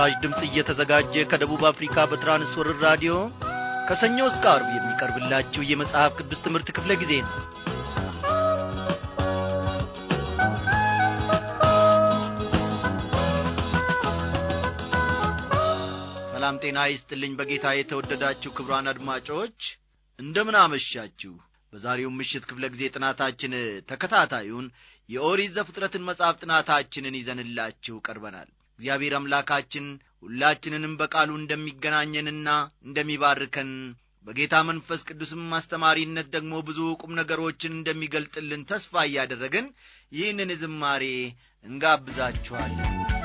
ለምስራች ድምፅ እየተዘጋጀ ከደቡብ አፍሪካ በትራንስወር ራዲዮ ከሰኞ እስከ አርብ የሚቀርብላችሁ የመጽሐፍ ቅዱስ ትምህርት ክፍለ ጊዜ ነው ሰላም ጤና ይስጥልኝ በጌታ የተወደዳችሁ ክብሯን አድማጮች እንደምን አመሻችሁ በዛሬው ምሽት ክፍለ ጊዜ ጥናታችን ተከታታዩን የኦሪዘ ፍጥረትን መጽሐፍ ጥናታችንን ይዘንላችሁ ቀርበናል እግዚአብሔር አምላካችን ሁላችንንም በቃሉ እንደሚገናኘንና እንደሚባርከን በጌታ መንፈስ ቅዱስም ማስተማሪነት ደግሞ ብዙ ቁም ነገሮችን እንደሚገልጥልን ተስፋ እያደረግን ይህንን ዝማሬ እንጋብዛችኋለን።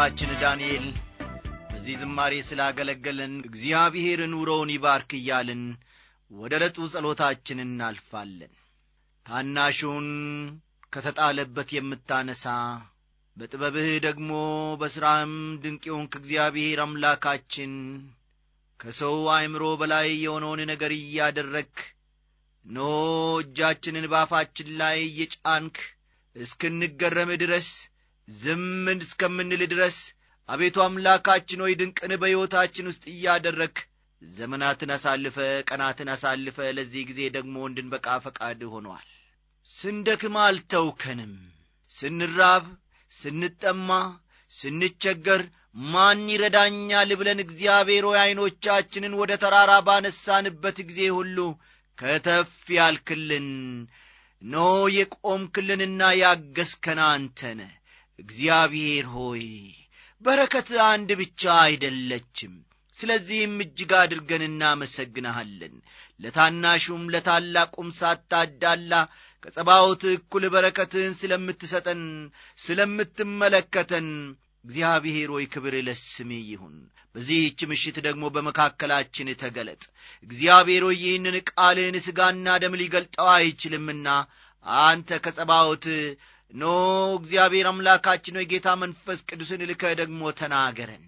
ወንድማችን ዳንኤል በዚህ ዝማሬ ስላገለገለን እግዚአብሔር ኑሮውን ይባርክ እያልን ወደ ዕለቱ ጸሎታችን እናልፋለን ታናሹን ከተጣለበት የምታነሣ በጥበብህ ደግሞ በሥራህም ድንቅ የሆንክ እግዚአብሔር አምላካችን ከሰው አእምሮ በላይ የሆነውን ነገር እያደረግ እነሆ እጃችንን ባፋችን ላይ እየጫንክ እስክንገረም ድረስ ዝም እስከምንል ድረስ አቤቱ አምላካችን ሆይ ድንቅን በሕይወታችን ውስጥ እያደረግ ዘመናትን አሳልፈ ቀናትን አሳልፈ ለዚህ ጊዜ ደግሞ እንድንበቃ ፈቃድ ሆኗል ስንደክም አልተውከንም ስንራብ ስንጠማ ስንቸገር ማን ይረዳኛል ብለን እግዚአብሔር ዐይኖቻችንን ወደ ተራራ ባነሳንበት ጊዜ ሁሉ ከተፍ ያልክልን ኖ የቆምክልንና ያገዝከን አንተነ እግዚአብሔር ሆይ በረከት አንድ ብቻ አይደለችም ስለዚህም እጅግ አድርገን እናመሰግንሃለን ለታናሹም ለታላቁም ሳታዳላ ከጸባውት እኩል በረከትህን ስለምትሰጠን ስለምትመለከተን እግዚአብሔር ሆይ ክብር ለስሜ ይሁን በዚህች ምሽት ደግሞ በመካከላችን ተገለጥ እግዚአብሔር ሆይ ይህንን ቃልህን ሥጋና ደም ሊገልጠው አይችልምና አንተ ከጸባውት ኖ እግዚአብሔር አምላካችን ሆይ ጌታ መንፈስ ቅዱስን ልከ ደግሞ ተናገረን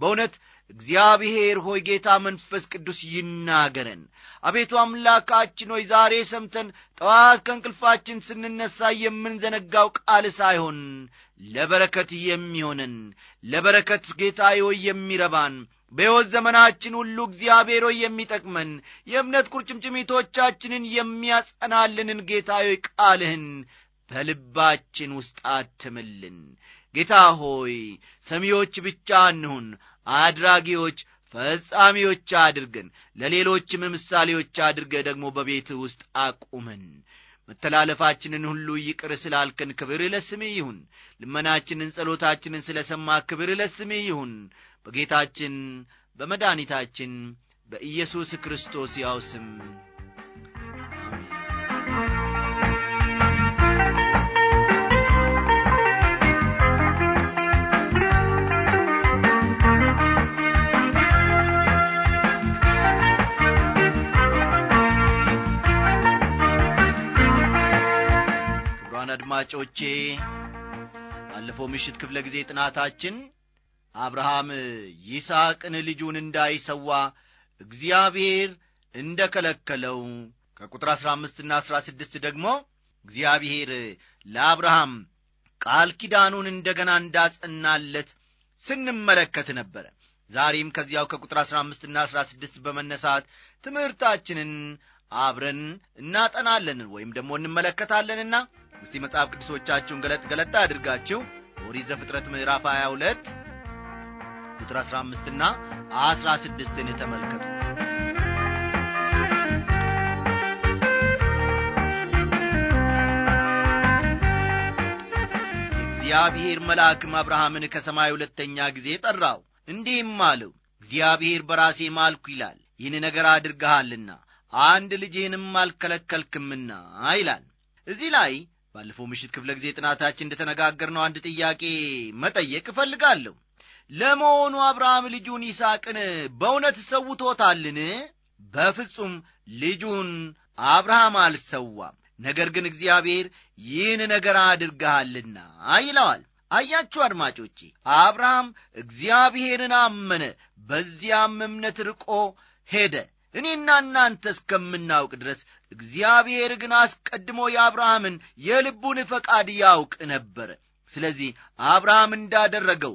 በእውነት እግዚአብሔር ሆይ ጌታ መንፈስ ቅዱስ ይናገረን አቤቱ አምላካችን ሆይ ዛሬ ሰምተን ጠዋት ከእንቅልፋችን ስንነሳ የምንዘነጋው ቃል ሳይሆን ለበረከት የሚሆንን ለበረከት ጌታ ሆይ የሚረባን በሕይወት ዘመናችን ሁሉ እግዚአብሔር ሆይ የሚጠቅመን የእምነት ቁርጭምጭሚቶቻችንን የሚያጸናልንን ጌታ ሆይ ቃልህን በልባችን ውስጥ አትምልን። ጌታ ሆይ ሰሚዎች ብቻ እንሁን፣ አድራጊዎች ፈጻሚዎች አድርገን፣ ለሌሎችም ምሳሌዎች አድርገ ደግሞ በቤት ውስጥ አቁመን መተላለፋችንን ሁሉ ይቅር ስላልከን ክብር ለስምህ ይሁን። ልመናችንን ጸሎታችንን ስለ ሰማ ክብር ለስምህ ይሁን። በጌታችን በመድኒታችን በኢየሱስ ክርስቶስ ያው ስም ክቡራን አድማጮቼ ባለፈው ምሽት ክፍለ ጊዜ ጥናታችን አብርሃም ይስሐቅን ልጁን እንዳይሰዋ እግዚአብሔር እንደ ከለከለው ከቁጥር አሥራ አምስትና አሥራ ስድስት ደግሞ እግዚአብሔር ለአብርሃም ቃል ኪዳኑን እንደ ገና እንዳጸናለት ስንመለከት ነበረ ዛሬም ከዚያው ከቁጥር አሥራ አምስትና አሥራ ስድስት በመነሳት ትምህርታችንን አብረን እናጠናለን ወይም ደግሞ እንመለከታለንና እስቲ መጽሐፍ ቅዱሶቻችሁን ገለጥ ገለጥ አድርጋችሁ ኦሪት ዘፍጥረት ምዕራፍ 22 ቁጥር 15 ና 16ን ተመልከቱ እግዚአብሔር መልአክም አብርሃምን ከሰማይ ሁለተኛ ጊዜ ጠራው እንዲህም አለው እግዚአብሔር በራሴ ማልኩ ይላል ይህን ነገር አድርግሃልና አንድ ልጅህንም አልከለከልክምና ይላል እዚህ ላይ ባለፈው ምሽት ክፍለ ጊዜ ጥናታችን ነው አንድ ጥያቄ መጠየቅ እፈልጋለሁ። ለመሆኑ አብርሃም ልጁን ይስቅን በእውነት ሰውቶታልን? በፍጹም ልጁን አብርሃም አልሰዋም። ነገር ግን እግዚአብሔር ይህን ነገር አድርገሃልና ይለዋል። አያችሁ አድማጮቼ፣ አብርሃም እግዚአብሔርን አመነ፣ በዚያም እምነት ርቆ ሄደ። እኔና እናንተ እስከምናውቅ ድረስ እግዚአብሔር ግን አስቀድሞ የአብርሃምን የልቡን ፈቃድ ያውቅ ነበረ። ስለዚህ አብርሃም እንዳደረገው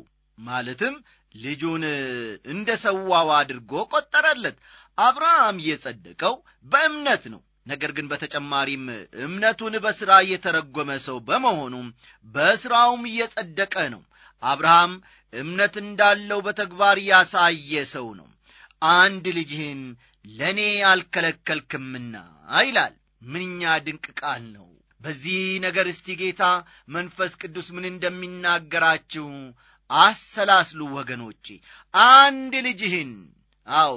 ማለትም ልጁን እንደ ሰዋው አድርጎ ቆጠረለት። አብርሃም የጸደቀው በእምነት ነው። ነገር ግን በተጨማሪም እምነቱን በሥራ የተረጎመ ሰው በመሆኑም በሥራውም እየጸደቀ ነው። አብርሃም እምነት እንዳለው በተግባር ያሳየ ሰው ነው። አንድ ልጅህን ለእኔ አልከለከልክምና ይላል። ምንኛ ድንቅ ቃል ነው። በዚህ ነገር እስቲ ጌታ መንፈስ ቅዱስ ምን እንደሚናገራችሁ አሰላስሉ ወገኖቼ። አንድ ልጅህን አዎ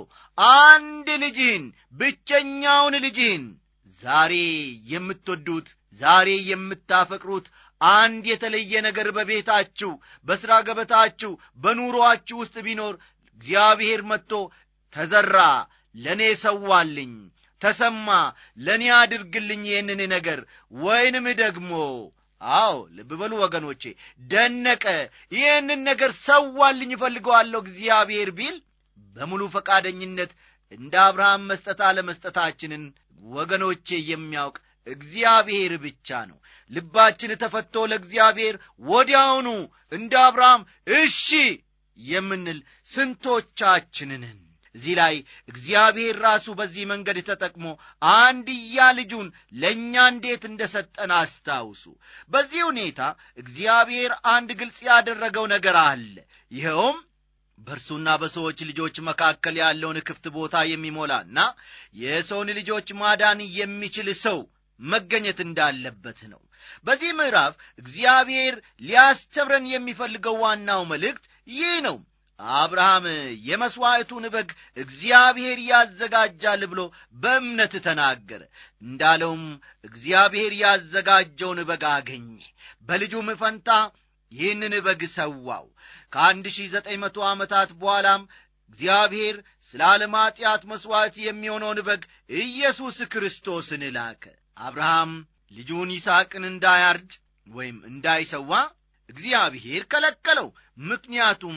አንድ ልጅህን ብቸኛውን ልጅህን ዛሬ የምትወዱት ዛሬ የምታፈቅሩት አንድ የተለየ ነገር በቤታችሁ፣ በሥራ ገበታችሁ፣ በኑሮአችሁ ውስጥ ቢኖር እግዚአብሔር መጥቶ ተዘራ ለእኔ ሰዋልኝ ተሰማ ለእኔ አድርግልኝ ይህንን ነገር ወይንም ደግሞ አዎ ልብ በሉ ወገኖቼ ደነቀ ይህንን ነገር ሰዋልኝ እፈልገዋለሁ እግዚአብሔር ቢል በሙሉ ፈቃደኝነት እንደ አብርሃም መስጠት አለመስጠታችንን ወገኖቼ የሚያውቅ እግዚአብሔር ብቻ ነው ልባችን ተፈቶ ለእግዚአብሔር ወዲያውኑ እንደ አብርሃም እሺ የምንል ስንቶቻችንን እዚህ ላይ እግዚአብሔር ራሱ በዚህ መንገድ ተጠቅሞ አንድያ ልጁን ለእኛ እንዴት እንደሰጠን አስታውሱ። በዚህ ሁኔታ እግዚአብሔር አንድ ግልጽ ያደረገው ነገር አለ። ይኸውም በእርሱና በሰዎች ልጆች መካከል ያለውን ክፍት ቦታ የሚሞላና የሰውን ልጆች ማዳን የሚችል ሰው መገኘት እንዳለበት ነው። በዚህ ምዕራፍ እግዚአብሔር ሊያስተምረን የሚፈልገው ዋናው መልእክት ይህ ነው። አብርሃም የመሥዋዕቱን በግ እግዚአብሔር ያዘጋጃል ብሎ በእምነት ተናገረ። እንዳለውም እግዚአብሔር ያዘጋጀውን በግ አገኘ። በልጁም ፈንታ ይህንን በግ ሰዋው። ከአንድ ሺህ ዘጠኝ መቶ ዓመታት በኋላም እግዚአብሔር ስለ ዓለም ኀጢአት መሥዋዕት የሚሆነውን በግ ኢየሱስ ክርስቶስን ላከ። አብርሃም ልጁን ይስሐቅን እንዳያርድ ወይም እንዳይሰዋ እግዚአብሔር ከለከለው። ምክንያቱም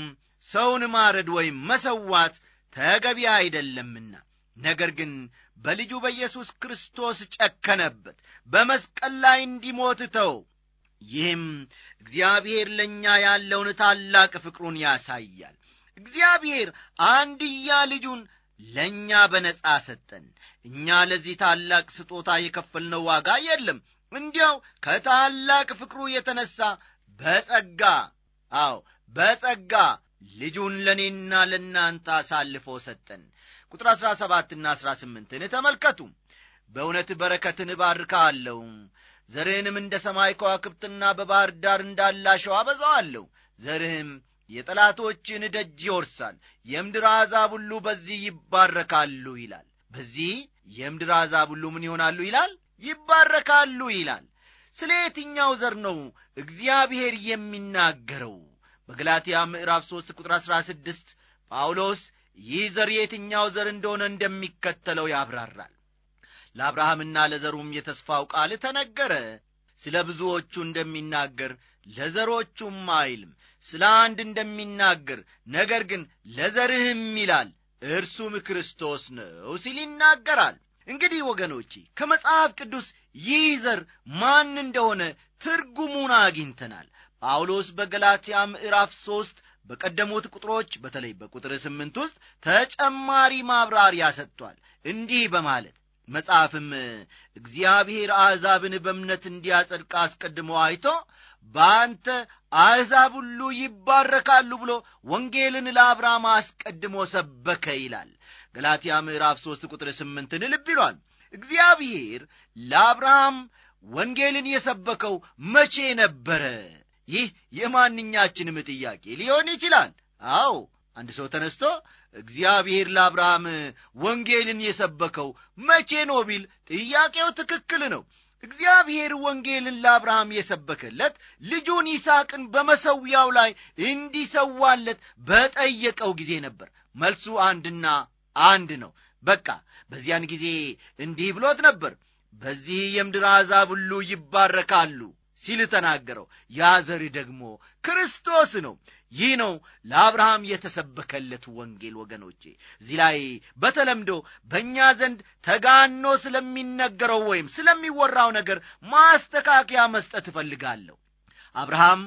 ሰውን ማረድ ወይም መሰዋት ተገቢ አይደለምና ነገር ግን በልጁ በኢየሱስ ክርስቶስ ጨከነበት፣ በመስቀል ላይ እንዲሞት ተው። ይህም እግዚአብሔር ለእኛ ያለውን ታላቅ ፍቅሩን ያሳያል። እግዚአብሔር አንድያ ልጁን ለእኛ በነጻ ሰጠን። እኛ ለዚህ ታላቅ ስጦታ የከፈልነው ዋጋ የለም። እንዲያው ከታላቅ ፍቅሩ የተነሳ በጸጋ አዎ፣ በጸጋ ልጁን ለእኔና ለእናንተ አሳልፎ ሰጠን። ቁጥር አሥራ ሰባትና አሥራ ስምንትን ተመልከቱ። በእውነት በረከትን እባርካለሁ፣ ዘርህንም እንደ ሰማይ ከዋክብትና በባሕር ዳር እንዳላሸው አበዛዋለሁ። ዘርህም የጠላቶችን ደጅ ይወርሳል፣ የምድር አሕዛብ ሁሉ በዚህ ይባረካሉ ይላል። በዚህ የምድር አሕዛብ ሁሉ ምን ይሆናሉ ይላል? ይባረካሉ ይላል። ስለ የትኛው ዘር ነው እግዚአብሔር የሚናገረው? በገላትያ ምዕራፍ 3 ቁጥር 16 ጳውሎስ ይህ ዘር የትኛው ዘር እንደሆነ እንደሚከተለው ያብራራል። ለአብርሃምና ለዘሩም የተስፋው ቃል ተነገረ፣ ስለ ብዙዎቹ እንደሚናገር ለዘሮቹም አይልም፣ ስለ አንድ እንደሚናገር ነገር ግን ለዘርህም ይላል እርሱም ክርስቶስ ነው ሲል ይናገራል። እንግዲህ ወገኖቼ ከመጽሐፍ ቅዱስ ይህ ዘር ማን እንደሆነ ትርጉሙን አግኝተናል። ጳውሎስ በገላትያ ምዕራፍ ሦስት በቀደሙት ቁጥሮች በተለይ በቁጥር ስምንት ውስጥ ተጨማሪ ማብራሪያ ሰጥቷል እንዲህ በማለት መጽሐፍም እግዚአብሔር አሕዛብን በእምነት እንዲያጸድቅ አስቀድሞ አይቶ በአንተ አሕዛብ ሁሉ ይባረካሉ ብሎ ወንጌልን ለአብርሃም አስቀድሞ ሰበከ ይላል ገላትያ ምዕራፍ 3 ቁጥር 8 ልብ ይሏል እግዚአብሔር ለአብርሃም ወንጌልን የሰበከው መቼ ነበረ ይህ የማንኛችንም ጥያቄ ሊሆን ይችላል። አዎ አንድ ሰው ተነስቶ እግዚአብሔር ለአብርሃም ወንጌልን የሰበከው መቼ ነው ቢል ጥያቄው ትክክል ነው። እግዚአብሔር ወንጌልን ለአብርሃም የሰበከለት ልጁን ይስቅን በመሰዊያው ላይ እንዲሰዋለት በጠየቀው ጊዜ ነበር። መልሱ አንድና አንድ ነው። በቃ በዚያን ጊዜ እንዲህ ብሎት ነበር፣ በዚህ የምድር አዛብ ሁሉ ይባረካሉ ሲል ተናገረው። ያ ዘር ደግሞ ክርስቶስ ነው። ይህ ነው ለአብርሃም የተሰበከለት ወንጌል። ወገኖቼ እዚህ ላይ በተለምዶ በእኛ ዘንድ ተጋኖ ስለሚነገረው ወይም ስለሚወራው ነገር ማስተካከያ መስጠት እፈልጋለሁ። አብርሃም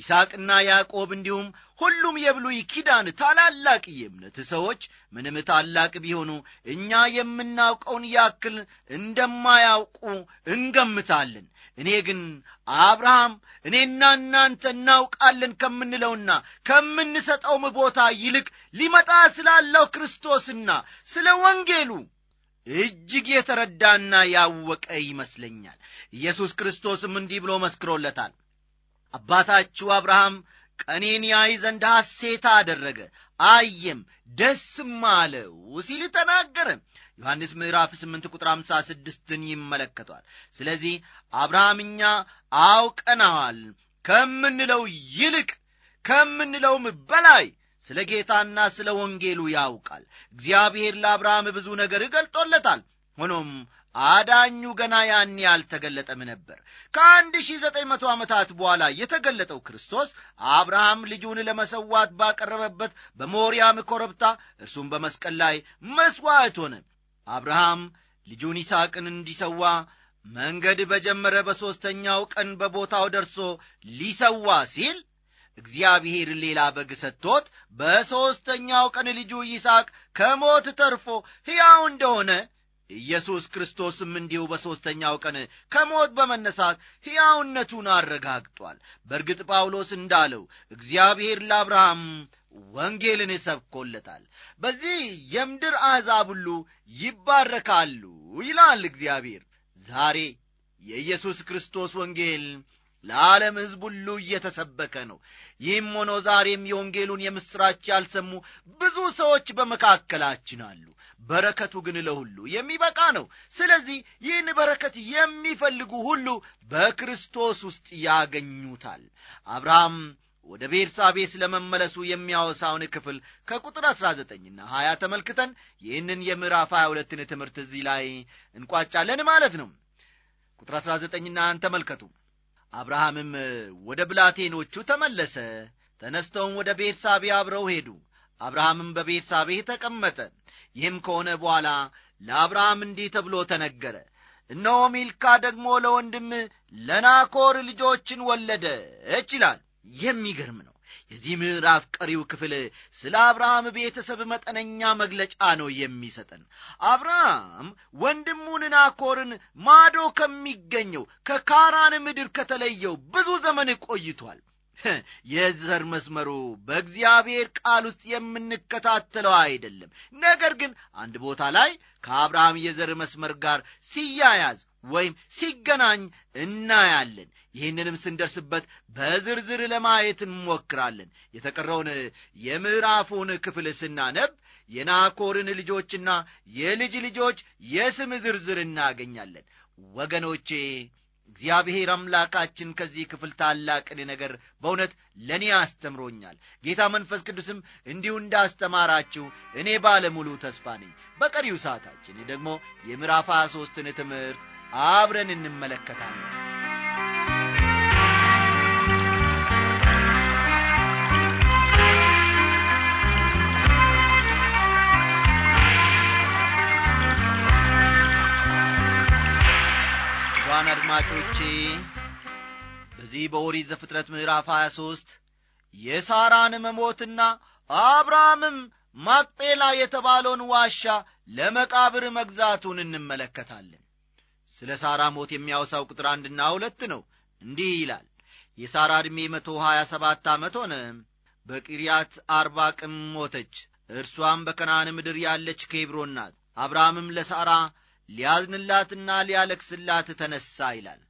ይስሐቅና ያዕቆብ እንዲሁም ሁሉም የብሉይ ኪዳን ታላላቅ የእምነት ሰዎች ምንም ታላቅ ቢሆኑ እኛ የምናውቀውን ያክል እንደማያውቁ እንገምታለን። እኔ ግን አብርሃም እኔና እናንተ እናውቃለን ከምንለውና ከምንሰጠውም ቦታ ይልቅ ሊመጣ ስላለው ክርስቶስና ስለ ወንጌሉ እጅግ የተረዳና ያወቀ ይመስለኛል። ኢየሱስ ክርስቶስም እንዲህ ብሎ መስክሮለታል አባታችሁ አብርሃም ቀኔን ያይ ዘንድ ሐሴታ አደረገ፣ አየም ደስም አለው ሲል ተናገረ። ዮሐንስ ምዕራፍ 8 ቁጥር 56ን ይመለከቷል። ስለዚህ አብርሃም እኛ አውቀናዋል ከምንለው ይልቅ ከምንለውም በላይ ስለ ጌታና ስለ ወንጌሉ ያውቃል። እግዚአብሔር ለአብርሃም ብዙ ነገር እገልጦለታል ሆኖም አዳኙ ገና ያኔ አልተገለጠም ነበር። ከአንድ ሺህ ዘጠኝ መቶ ዓመታት በኋላ የተገለጠው ክርስቶስ አብርሃም ልጁን ለመሰዋት ባቀረበበት በሞሪያም ኮረብታ እርሱም በመስቀል ላይ መሥዋዕት ሆነ። አብርሃም ልጁን ይስሐቅን እንዲሰዋ መንገድ በጀመረ በሦስተኛው ቀን በቦታው ደርሶ ሊሰዋ ሲል እግዚአብሔር ሌላ በግ ሰጥቶት በሦስተኛው ቀን ልጁ ይስሐቅ ከሞት ተርፎ ሕያው እንደሆነ ኢየሱስ ክርስቶስም እንዲሁ በሦስተኛው ቀን ከሞት በመነሳት ሕያውነቱን አረጋግጧል። በእርግጥ ጳውሎስ እንዳለው እግዚአብሔር ለአብርሃም ወንጌልን ሰብኮለታል። በዚህ የምድር አሕዛብ ሁሉ ይባረካሉ ይላል እግዚአብሔር። ዛሬ የኢየሱስ ክርስቶስ ወንጌል ለዓለም ሕዝብ ሁሉ እየተሰበከ ነው። ይህም ሆኖ ዛሬም የወንጌሉን የምሥራች ያልሰሙ ብዙ ሰዎች በመካከላችን አሉ። በረከቱ ግን ለሁሉ የሚበቃ ነው። ስለዚህ ይህን በረከት የሚፈልጉ ሁሉ በክርስቶስ ውስጥ ያገኙታል። አብርሃም ወደ ቤርሳቤ ስለመመለሱ የሚያወሳውን ክፍል ከቁጥር 19ና 20 ተመልክተን ይህንን የምዕራፍ 22ን ትምህርት እዚህ ላይ እንቋጫለን ማለት ነው። ቁጥር 19ና ተመልከቱ። አብርሃምም ወደ ብላቴኖቹ ተመለሰ። ተነስተውም ወደ ቤርሳቤ አብረው ሄዱ። አብርሃምም በቤርሳቤ ተቀመጠ። ይህም ከሆነ በኋላ ለአብርሃም እንዲህ ተብሎ ተነገረ፣ እነሆ ሚልካ ደግሞ ለወንድም ለናኮር ልጆችን ወለደች ይላል። የሚገርም ነው። የዚህ ምዕራፍ ቀሪው ክፍል ስለ አብርሃም ቤተሰብ መጠነኛ መግለጫ ነው የሚሰጠን። አብርሃም ወንድሙን ናኮርን ማዶ ከሚገኘው ከካራን ምድር ከተለየው ብዙ ዘመን ቆይቷል። የዘር መስመሩ በእግዚአብሔር ቃል ውስጥ የምንከታተለው አይደለም። ነገር ግን አንድ ቦታ ላይ ከአብርሃም የዘር መስመር ጋር ሲያያዝ ወይም ሲገናኝ እናያለን። ይህንንም ስንደርስበት በዝርዝር ለማየት እንሞክራለን። የተቀረውን የምዕራፉን ክፍል ስናነብ የናኮርን ልጆችና የልጅ ልጆች የስም ዝርዝር እናገኛለን። ወገኖቼ እግዚአብሔር አምላካችን ከዚህ ክፍል ታላቅን ነገር በእውነት ለእኔ አስተምሮኛል። ጌታ መንፈስ ቅዱስም እንዲሁ እንዳስተማራችሁ እኔ ባለሙሉ ተስፋ ነኝ። በቀሪው ሰዓታችን ደግሞ የምዕራፍ 23 ትምህርት አብረን እንመለከታለን። ክቡራን አድማጮቼ በዚህ በኦሪት ዘፍጥረት ምዕራፍ 23 የሳራን መሞትና አብርሃምም ማቅጴላ የተባለውን ዋሻ ለመቃብር መግዛቱን እንመለከታለን። ስለ ሳራ ሞት የሚያወሳው ቁጥር አንድና ሁለት ነው። እንዲህ ይላል የሳራ ዕድሜ መቶ ሀያ ሰባት ዓመት ሆነ፣ በቂርያት አርባቅም ሞተች። እርሷም በከናን ምድር ያለች ኬብሮን ናት። አብርሃምም ለሳራ ሊያዝንላትና ሊያለክስላት ተነሳ ይላል።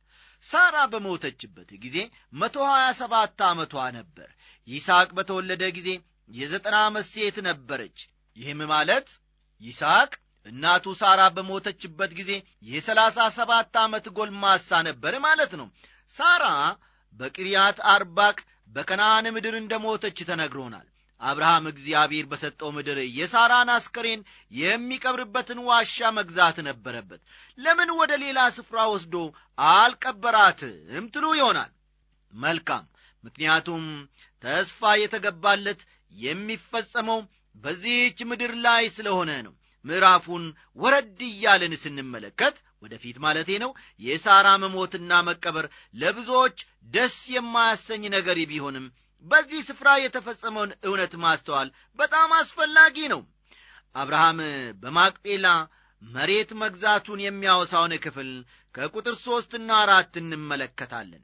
ሳራ በሞተችበት ጊዜ መቶ ሀያ ሰባት ዓመቷ ነበር። ይስሐቅ በተወለደ ጊዜ የዘጠና ዓመት ሴት ነበረች። ይህም ማለት ይስሐቅ እናቱ ሳራ በሞተችበት ጊዜ የሰላሳ ሰባት ዓመት ጎልማሳ ነበር ማለት ነው። ሳራ በቅርያት አርባቅ በከነዓን ምድር እንደ ሞተች ተነግሮናል። አብርሃም እግዚአብሔር በሰጠው ምድር የሳራን አስከሬን የሚቀብርበትን ዋሻ መግዛት ነበረበት። ለምን ወደ ሌላ ስፍራ ወስዶ አልቀበራትም ትሉ ይሆናል። መልካም፣ ምክንያቱም ተስፋ የተገባለት የሚፈጸመው በዚህች ምድር ላይ ስለሆነ ነው። ምዕራፉን ወረድ እያለን ስንመለከት ወደፊት ማለቴ ነው። የሳራ መሞትና መቀበር ለብዙዎች ደስ የማያሰኝ ነገር ቢሆንም በዚህ ስፍራ የተፈጸመውን እውነት ማስተዋል በጣም አስፈላጊ ነው። አብርሃም በማቅጴላ መሬት መግዛቱን የሚያወሳውን ክፍል ከቁጥር ሦስትና አራት እንመለከታለን።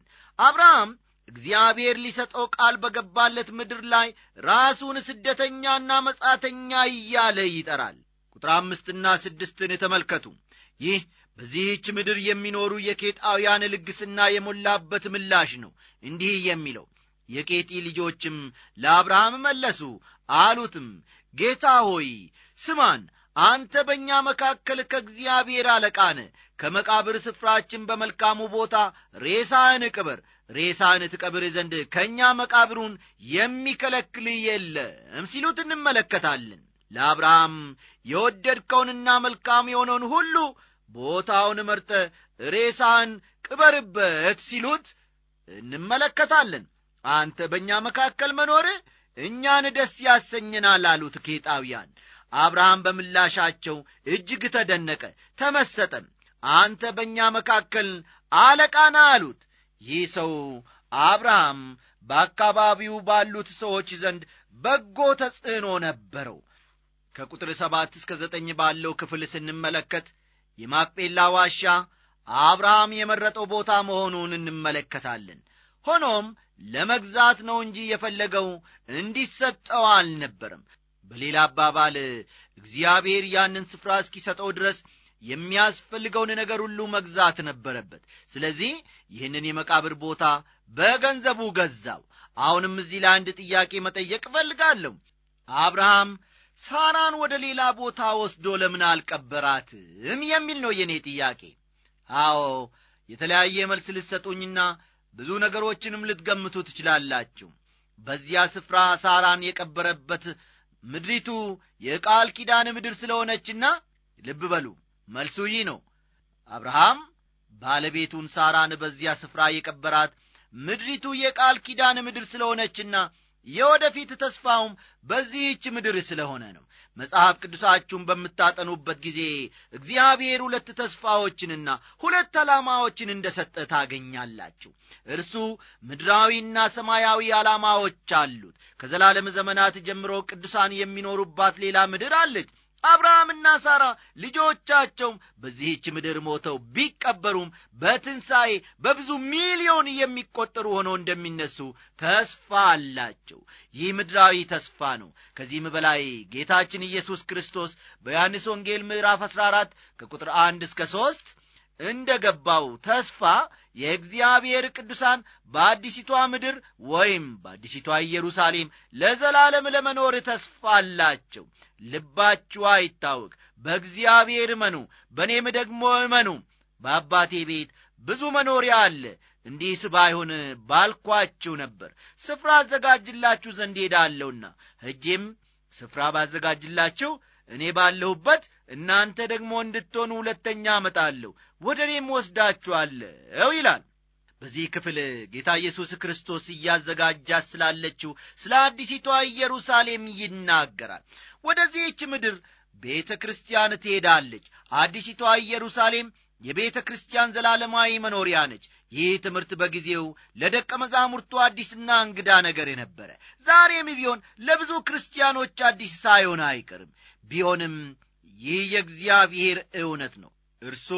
አብርሃም እግዚአብሔር ሊሰጠው ቃል በገባለት ምድር ላይ ራሱን ስደተኛና መጻተኛ እያለ ይጠራል። ቁጥር አምስትና ስድስትን ተመልከቱ። ይህ በዚህች ምድር የሚኖሩ የኬጣውያን ልግስና የሞላበት ምላሽ ነው። እንዲህ የሚለው የቄጢ ልጆችም ለአብርሃም መለሱ አሉትም፣ ጌታ ሆይ ስማን፣ አንተ በእኛ መካከል ከእግዚአብሔር አለቃነ ከመቃብር ስፍራችን በመልካሙ ቦታ ሬሳህን ቅበር። ሬሳህን ትቀብር ዘንድ ከእኛ መቃብሩን የሚከለክል የለም ሲሉት እንመለከታለን። ለአብርሃም የወደድከውንና መልካም የሆነውን ሁሉ ቦታውን መርጠ ሬሳህን ቅበርበት ሲሉት እንመለከታለን። አንተ በእኛ መካከል መኖር እኛን ደስ ያሰኝናል አሉት ኬጣውያን። አብርሃም በምላሻቸው እጅግ ተደነቀ፣ ተመሰጠም። አንተ በእኛ መካከል አለቃና አሉት። ይህ ሰው አብርሃም በአካባቢው ባሉት ሰዎች ዘንድ በጎ ተጽዕኖ ነበረው። ከቁጥር ሰባት እስከ ዘጠኝ ባለው ክፍል ስንመለከት የማቅጴላ ዋሻ አብርሃም የመረጠው ቦታ መሆኑን እንመለከታለን። ሆኖም ለመግዛት ነው እንጂ የፈለገው እንዲሰጠው አልነበረም። በሌላ አባባል እግዚአብሔር ያንን ስፍራ እስኪሰጠው ድረስ የሚያስፈልገውን ነገር ሁሉ መግዛት ነበረበት። ስለዚህ ይህንን የመቃብር ቦታ በገንዘቡ ገዛው። አሁንም እዚህ ለአንድ ጥያቄ መጠየቅ እፈልጋለሁ። አብርሃም ሳራን ወደ ሌላ ቦታ ወስዶ ለምን አልቀበራትም የሚል ነው የእኔ ጥያቄ። አዎ የተለያየ መልስ ልሰጡኝና ብዙ ነገሮችንም ልትገምቱ ትችላላችሁ በዚያ ስፍራ ሳራን የቀበረበት ምድሪቱ የቃል ኪዳን ምድር ስለሆነችና ልብ በሉ መልሱ ይህ ነው አብርሃም ባለቤቱን ሳራን በዚያ ስፍራ የቀበራት ምድሪቱ የቃል ኪዳን ምድር ስለሆነችና የወደፊት ተስፋውም በዚህች ምድር ስለሆነ ነው መጽሐፍ ቅዱሳችሁን በምታጠኑበት ጊዜ እግዚአብሔር ሁለት ተስፋዎችንና ሁለት ዓላማዎችን እንደ ሰጠ ታገኛላችሁ። እርሱ ምድራዊና ሰማያዊ ዓላማዎች አሉት። ከዘላለም ዘመናት ጀምሮ ቅዱሳን የሚኖሩባት ሌላ ምድር አለች። አብርሃምና ሳራ ልጆቻቸውም በዚህች ምድር ሞተው ቢቀበሩም በትንሣኤ በብዙ ሚሊዮን የሚቆጠሩ ሆነው እንደሚነሱ ተስፋ አላቸው። ይህ ምድራዊ ተስፋ ነው። ከዚህም በላይ ጌታችን ኢየሱስ ክርስቶስ በዮሐንስ ወንጌል ምዕራፍ 14 ከቁጥር 1 እስከ 3 እንደ ገባው ተስፋ የእግዚአብሔር ቅዱሳን በአዲሲቷ ምድር ወይም በአዲሲቷ ኢየሩሳሌም ለዘላለም ለመኖር ተስፋ አላቸው። ልባችሁ አይታወቅ በእግዚአብሔር እመኑ፣ በእኔም ደግሞ እመኑ። በአባቴ ቤት ብዙ መኖሪያ አለ። እንዲህስ ባይሆን ባልኳችሁ ነበር። ስፍራ አዘጋጅላችሁ ዘንድ ሄዳለሁና ሄጄም ስፍራ ባዘጋጅላችሁ እኔ ባለሁበት እናንተ ደግሞ እንድትሆኑ ሁለተኛ አመጣለሁ ወደ እኔም ወስዳችኋለሁ ይላል በዚህ ክፍል ጌታ ኢየሱስ ክርስቶስ እያዘጋጃት ስላለችው ስለ አዲሲቷ ኢየሩሳሌም ይናገራል ወደዚህች ምድር ቤተ ክርስቲያን ትሄዳለች አዲሲቷ ኢየሩሳሌም የቤተ ክርስቲያን ዘላለማዊ መኖሪያ ነች ይህ ትምህርት በጊዜው ለደቀ መዛሙርቱ አዲስና እንግዳ ነገር የነበረ፣ ዛሬም ቢሆን ለብዙ ክርስቲያኖች አዲስ ሳይሆን አይቀርም። ቢሆንም ይህ የእግዚአብሔር እውነት ነው። እርሱ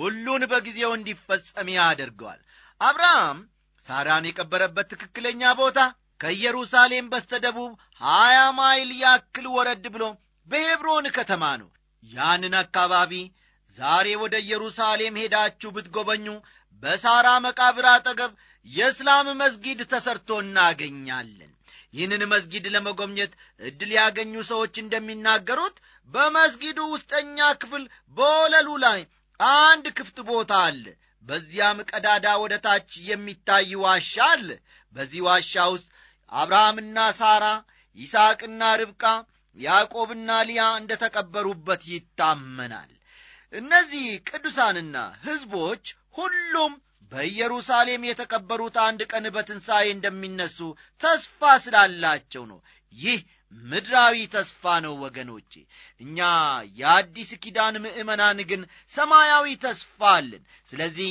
ሁሉን በጊዜው እንዲፈጸም ያደርገዋል። አብርሃም ሳራን የቀበረበት ትክክለኛ ቦታ ከኢየሩሳሌም በስተ ደቡብ ሀያ ማይል ያክል ወረድ ብሎ በሄብሮን ከተማ ነው። ያንን አካባቢ ዛሬ ወደ ኢየሩሳሌም ሄዳችሁ ብትጎበኙ በሳራ መቃብር አጠገብ የእስላም መስጊድ ተሰርቶ እናገኛለን። ይህንን መስጊድ ለመጎብኘት ዕድል ያገኙ ሰዎች እንደሚናገሩት በመስጊዱ ውስጠኛ ክፍል በወለሉ ላይ አንድ ክፍት ቦታ አለ። በዚያም ቀዳዳ ወደ ታች የሚታይ ዋሻ አለ። በዚህ ዋሻ ውስጥ አብርሃምና ሳራ፣ ይስቅና ርብቃ፣ ያዕቆብና ሊያ እንደ ተቀበሩበት ይታመናል። እነዚህ ቅዱሳንና ሕዝቦች ሁሉም በኢየሩሳሌም የተቀበሩት አንድ ቀን በትንሣኤ እንደሚነሱ ተስፋ ስላላቸው ነው። ይህ ምድራዊ ተስፋ ነው ወገኖቼ። እኛ የአዲስ ኪዳን ምዕመናን ግን ሰማያዊ ተስፋ አለን። ስለዚህ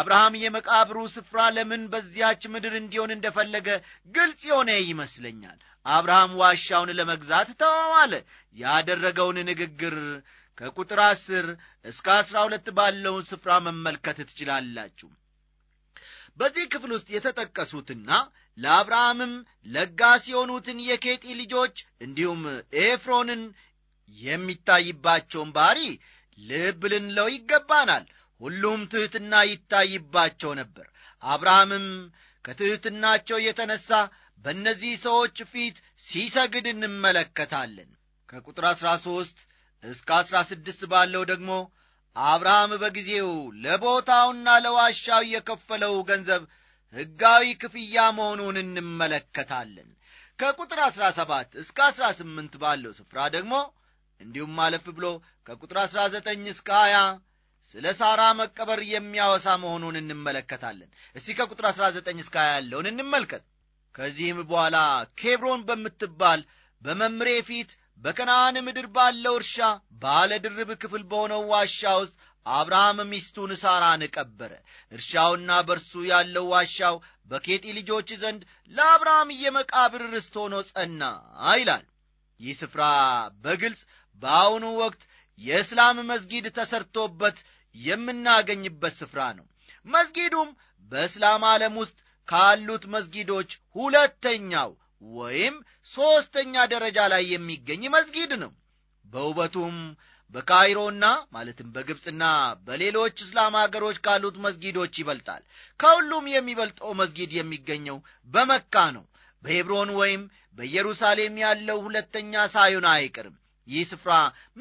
አብርሃም የመቃብሩ ስፍራ ለምን በዚያች ምድር እንዲሆን እንደፈለገ ግልጽ የሆነ ይመስለኛል። አብርሃም ዋሻውን ለመግዛት ተዋዋለ። ያደረገውን ንግግር ከቁጥር አስር እስከ አስራ ሁለት ባለውን ስፍራ መመልከት ትችላላችሁ። በዚህ ክፍል ውስጥ የተጠቀሱትና ለአብርሃምም ለጋስ የሆኑትን የኬጢ ልጆች እንዲሁም ኤፍሮንን የሚታይባቸውን ባህሪ ልብ ልንለው ይገባናል። ሁሉም ትሕትና ይታይባቸው ነበር። አብርሃምም ከትሕትናቸው የተነሣ በእነዚህ ሰዎች ፊት ሲሰግድ እንመለከታለን። ከቁጥር 13 እስከ አሥራ ስድስት ባለው ደግሞ አብርሃም በጊዜው ለቦታውና ለዋሻው የከፈለው ገንዘብ ሕጋዊ ክፍያ መሆኑን እንመለከታለን። ከቁጥር አሥራ ሰባት እስከ አሥራ ስምንት ባለው ስፍራ ደግሞ እንዲሁም አለፍ ብሎ ከቁጥር አሥራ ዘጠኝ እስከ ሀያ ስለ ሳራ መቀበር የሚያወሳ መሆኑን እንመለከታለን። እስቲ ከቁጥር አሥራ ዘጠኝ እስከ ሀያ ያለውን እንመልከት። ከዚህም በኋላ ኬብሮን በምትባል በመምሬ ፊት በከነአን ምድር ባለው እርሻ ባለ ድርብ ክፍል በሆነው ዋሻ ውስጥ አብርሃም ሚስቱን ሳራን ቀበረ። እርሻውና በርሱ ያለው ዋሻው በኬጢ ልጆች ዘንድ ለአብርሃም የመቃብር ርስት ሆኖ ጸና ይላል። ይህ ስፍራ በግልጽ በአሁኑ ወቅት የእስላም መስጊድ ተሰርቶበት የምናገኝበት ስፍራ ነው። መስጊዱም በእስላም ዓለም ውስጥ ካሉት መስጊዶች ሁለተኛው ወይም ሦስተኛ ደረጃ ላይ የሚገኝ መስጊድ ነው። በውበቱም በካይሮና ማለትም በግብፅና በሌሎች እስላም አገሮች ካሉት መስጊዶች ይበልጣል። ከሁሉም የሚበልጠው መስጊድ የሚገኘው በመካ ነው። በሄብሮን ወይም በኢየሩሳሌም ያለው ሁለተኛ ሳዩን አይቀርም። ይህ ስፍራ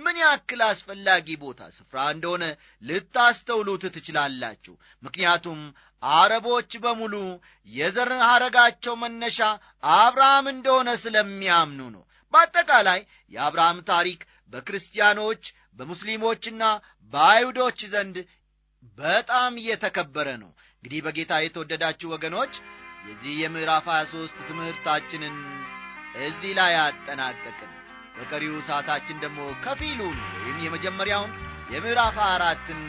ምን ያክል አስፈላጊ ቦታ ስፍራ እንደሆነ ልታስተውሉት ትችላላችሁ። ምክንያቱም አረቦች በሙሉ የዘር ሐረጋቸው መነሻ አብርሃም እንደሆነ ስለሚያምኑ ነው። በአጠቃላይ የአብርሃም ታሪክ በክርስቲያኖች በሙስሊሞችና በአይሁዶች ዘንድ በጣም እየተከበረ ነው። እንግዲህ በጌታ የተወደዳችሁ ወገኖች የዚህ የምዕራፍ 23 ትምህርታችንን እዚህ ላይ አጠናቀቅን። በቀሪው ሰዓታችን ደግሞ ከፊሉን ወይም የመጀመሪያውን የምዕራፍ አራትን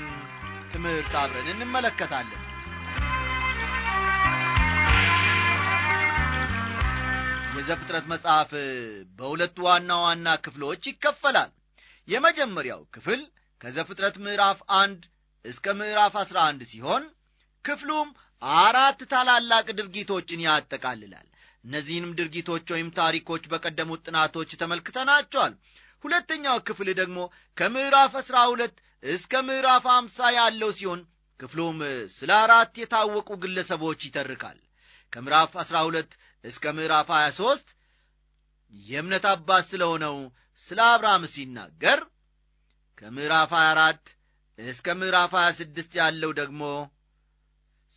ትምህርት አብረን እንመለከታለን። ዘፍጥረት መጽሐፍ በሁለት ዋና ዋና ክፍሎች ይከፈላል። የመጀመሪያው ክፍል ከዘፍጥረት ምዕራፍ አንድ እስከ ምዕራፍ አስራ አንድ ሲሆን ክፍሉም አራት ታላላቅ ድርጊቶችን ያጠቃልላል። እነዚህንም ድርጊቶች ወይም ታሪኮች በቀደሙት ጥናቶች ተመልክተናቸዋል። ሁለተኛው ክፍል ደግሞ ከምዕራፍ አስራ ሁለት እስከ ምዕራፍ አምሳ ያለው ሲሆን ክፍሉም ስለ አራት የታወቁ ግለሰቦች ይተርካል። ከምዕራፍ 12 እስከ ምዕራፍ 23 የእምነት አባት ስለ ሆነው ስለ አብርሃም ሲናገር ከምዕራፍ 24 እስከ ምዕራፍ 26 ያለው ደግሞ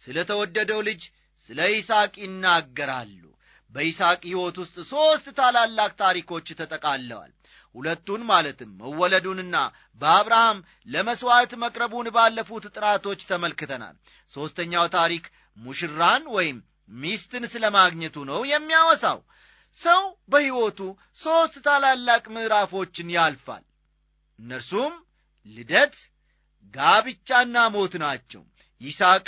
ስለ ተወደደው ልጅ ስለ ይስሐቅ ይናገራሉ። በይስሐቅ ሕይወት ውስጥ ሦስት ታላላቅ ታሪኮች ተጠቃለዋል። ሁለቱን ማለትም መወለዱንና በአብርሃም ለመሥዋዕት መቅረቡን ባለፉት ጥራቶች ተመልክተናል። ሦስተኛው ታሪክ ሙሽራን ወይም ሚስትን ስለ ማግኘቱ ነው የሚያወሳው። ሰው በሕይወቱ ሦስት ታላላቅ ምዕራፎችን ያልፋል። እነርሱም ልደት፣ ጋብቻና ሞት ናቸው። ይስቅ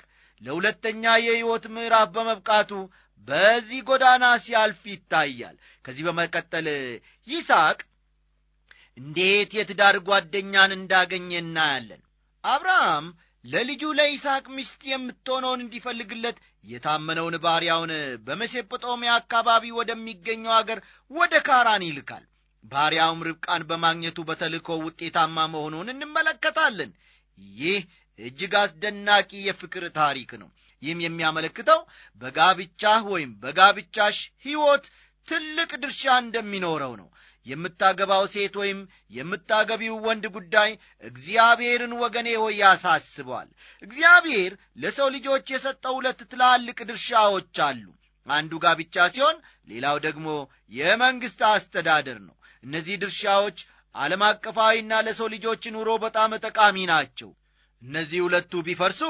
ለሁለተኛ የሕይወት ምዕራፍ በመብቃቱ በዚህ ጎዳና ሲያልፍ ይታያል። ከዚህ በመቀጠል ይስቅ እንዴት የትዳር ጓደኛን እንዳገኘ እናያለን። አብርሃም ለልጁ ለይስሐቅ ሚስት የምትሆነውን እንዲፈልግለት የታመነውን ባሪያውን በመሴጶጦሚያ አካባቢ ወደሚገኘው አገር ወደ ካራን ይልካል። ባሪያውም ርብቃን በማግኘቱ በተልእኮ ውጤታማ መሆኑን እንመለከታለን። ይህ እጅግ አስደናቂ የፍቅር ታሪክ ነው። ይህም የሚያመለክተው በጋብቻህ ወይም በጋብቻሽ ሕይወት ትልቅ ድርሻ እንደሚኖረው ነው። የምታገባው ሴት ወይም የምታገቢው ወንድ ጉዳይ እግዚአብሔርን ወገኔ ሆይ ያሳስቧል። እግዚአብሔር ለሰው ልጆች የሰጠው ሁለት ትላልቅ ድርሻዎች አሉ። አንዱ ጋብቻ ሲሆን፣ ሌላው ደግሞ የመንግሥት አስተዳደር ነው። እነዚህ ድርሻዎች ዓለም አቀፋዊና ለሰው ልጆች ኑሮ በጣም ጠቃሚ ናቸው። እነዚህ ሁለቱ ቢፈርሱ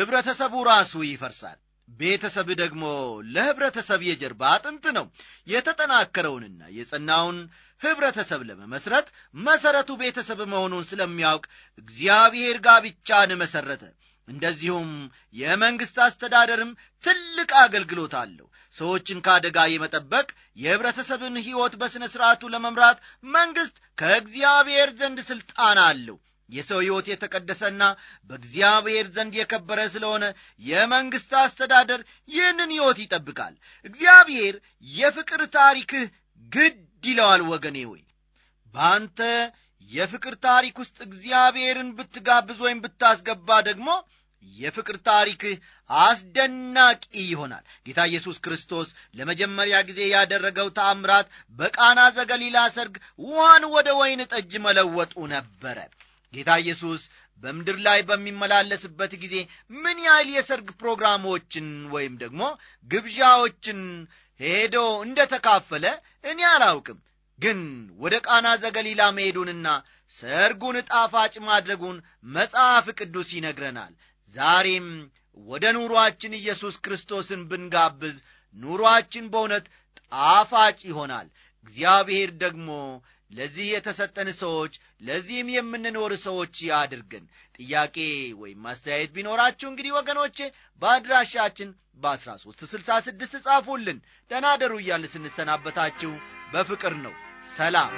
ኅብረተሰቡ ራሱ ይፈርሳል። ቤተሰብ ደግሞ ለኅብረተሰብ የጀርባ አጥንት ነው። የተጠናከረውንና የጸናውን ኅብረተሰብ ለመመስረት መሠረቱ ቤተሰብ መሆኑን ስለሚያውቅ እግዚአብሔር ጋብቻን መሠረተ። እንደዚሁም የመንግሥት አስተዳደርም ትልቅ አገልግሎት አለው። ሰዎችን ከአደጋ የመጠበቅ የኅብረተሰብን ሕይወት በሥነ ሥርዓቱ ለመምራት መንግሥት ከእግዚአብሔር ዘንድ ሥልጣን አለው። የሰው ሕይወት የተቀደሰና በእግዚአብሔር ዘንድ የከበረ ስለሆነ የመንግሥት አስተዳደር ይህንን ሕይወት ይጠብቃል። እግዚአብሔር የፍቅር ታሪክህ ግድ ይለዋል። ወገኔ ሆይ በአንተ የፍቅር ታሪክ ውስጥ እግዚአብሔርን ብትጋብዝ ወይም ብታስገባ ደግሞ የፍቅር ታሪክህ አስደናቂ ይሆናል። ጌታ ኢየሱስ ክርስቶስ ለመጀመሪያ ጊዜ ያደረገው ታምራት በቃና ዘገሊላ ሰርግ ውሃን ወደ ወይን ጠጅ መለወጡ ነበረ። ጌታ ኢየሱስ በምድር ላይ በሚመላለስበት ጊዜ ምን ያህል የሰርግ ፕሮግራሞችን ወይም ደግሞ ግብዣዎችን ሄዶ እንደ ተካፈለ እኔ አላውቅም። ግን ወደ ቃና ዘገሊላ መሄዱንና ሰርጉን ጣፋጭ ማድረጉን መጽሐፍ ቅዱስ ይነግረናል። ዛሬም ወደ ኑሮአችን ኢየሱስ ክርስቶስን ብንጋብዝ ኑሮአችን በእውነት ጣፋጭ ይሆናል። እግዚአብሔር ደግሞ ለዚህ የተሰጠን ሰዎች ለዚህም የምንኖር ሰዎች ያድርገን። ጥያቄ ወይም አስተያየት ቢኖራችሁ እንግዲህ ወገኖቼ በአድራሻችን በአስራ ሦስት ስልሳ ስድስት ጻፉልን። ደናደሩ እያል ስንሰናበታችሁ በፍቅር ነው። ሰላም